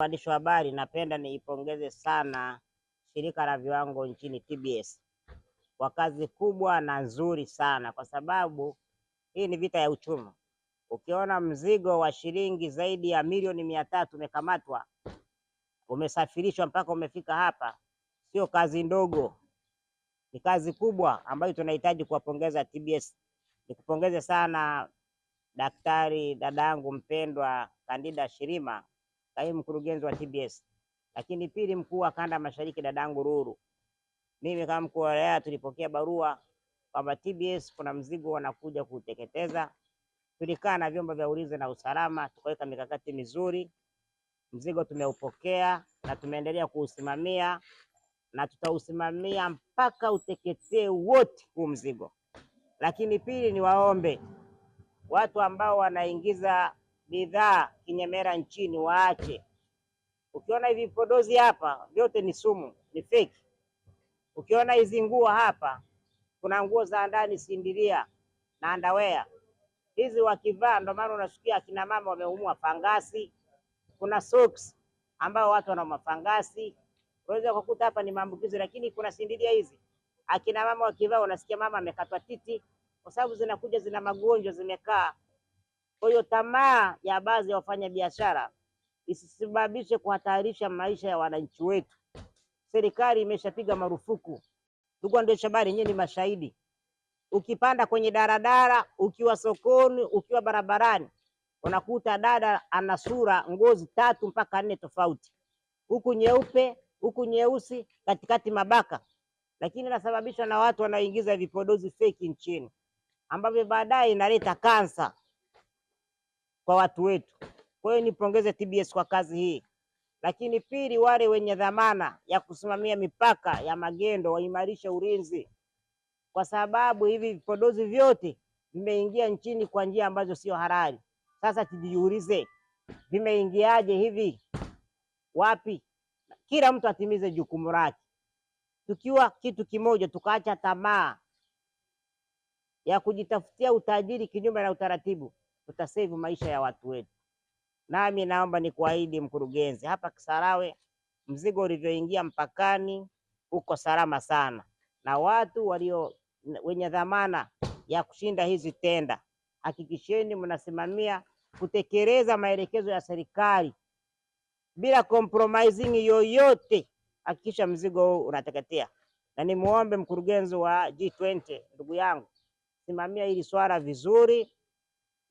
Waandishi wa habari, napenda niipongeze sana shirika la viwango nchini TBS kwa kazi kubwa na nzuri sana, kwa sababu hii ni vita ya uchumi. Ukiona mzigo wa shilingi zaidi ya milioni mia tatu umekamatwa, umesafirishwa mpaka umefika hapa, sio kazi ndogo, ni kazi kubwa ambayo tunahitaji kuwapongeza TBS. Nikupongeze sana daktari, dadangu mpendwa kandida Shirima kaimu mkurugenzi wa TBS, lakini pili, mkuu wa kanda mashariki dadangu Ruru. Mimi kama mkuu wa wilaya tulipokea barua kwamba TBS kuna mzigo wanakuja kuuteketeza. Tulikaa na vyombo vya ulinzi na usalama, tukaweka mikakati mizuri. Mzigo tumeupokea na tumeendelea kuusimamia na tutausimamia mpaka uteketee wote huu mzigo. Lakini pili, ni waombe watu ambao wanaingiza bidhaa kinyemera nchini waache. Ukiona hivi vipodozi hapa vyote ni sumu, ni fake. Ukiona hizi nguo hapa, kuna nguo za ndani sindiria na andawea hizi wakivaa, ndio maana unasikia akina mama wameumwa fangasi. Kuna socks ambao watu wana fangasi unaweza kukuta hapa ni maambukizi, lakini kuna sindiria hizi akina mama wakivaa, unasikia mama amekatwa titi, kwa sababu zinakuja zina magonjwa zimekaa kwa hiyo tamaa ya baadhi ya wafanya biashara isisababishe kuhatarisha maisha ya wananchi wetu. Serikali imeshapiga marufuku. Ndugu waandishi habari, nyinyi ni mashahidi. Ukipanda kwenye daradara, ukiwa sokoni, ukiwa barabarani, unakuta dada ana sura ngozi tatu mpaka nne tofauti, huku nyeupe, huku nyeusi, katikati mabaka, lakini inasababishwa na watu wanaoingiza vipodozi feki nchini, ambavyo baadaye inaleta kansa kwa watu wetu. Kwa hiyo nipongeze TBS kwa kazi hii, lakini pili, wale wenye dhamana ya kusimamia mipaka ya magendo waimarishe ulinzi, kwa sababu hivi vipodozi vyote vimeingia nchini kwa njia ambazo sio halali. Sasa tujiulize vimeingiaje hivi, wapi? Kila mtu atimize jukumu lake, tukiwa kitu kimoja, tukaacha tamaa ya kujitafutia utajiri kinyume na utaratibu, tutasevu maisha ya watu wetu. Nami naomba nikuahidi mkurugenzi, hapa Kisarawe mzigo ulivyoingia mpakani uko salama sana, na watu walio wenye dhamana ya kushinda hizi tenda, hakikisheni mnasimamia kutekeleza maelekezo ya serikali bila compromising yoyote. Hakikisha mzigo huu unateketea, na nimuombe mkurugenzi wa G20 ndugu yangu kusimamia hili swala vizuri,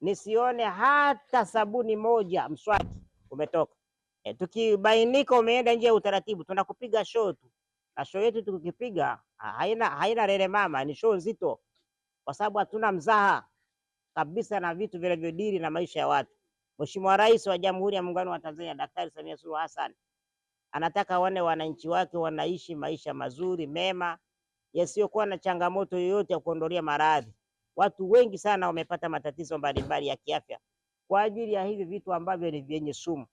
nisione hata sabuni moja mswaki umetoka. E, tukibainika umeenda nje ya utaratibu tunakupiga show tu, na show yetu tukipiga haina haina lele mama, ni show nzito, kwa sababu hatuna mzaha kabisa na vitu vinavyodiri na maisha ya watu. Mheshimiwa Rais wa Jamhuri ya Muungano wa Tanzania Daktari Samia Suluhu Hassan anataka wane wananchi wake wanaishi maisha mazuri mema yasiyokuwa na changamoto yoyote ya kuondolea maradhi. Watu wengi sana wamepata matatizo mbalimbali ya kiafya kwa ajili ya hivi vitu ambavyo ni vyenye sumu.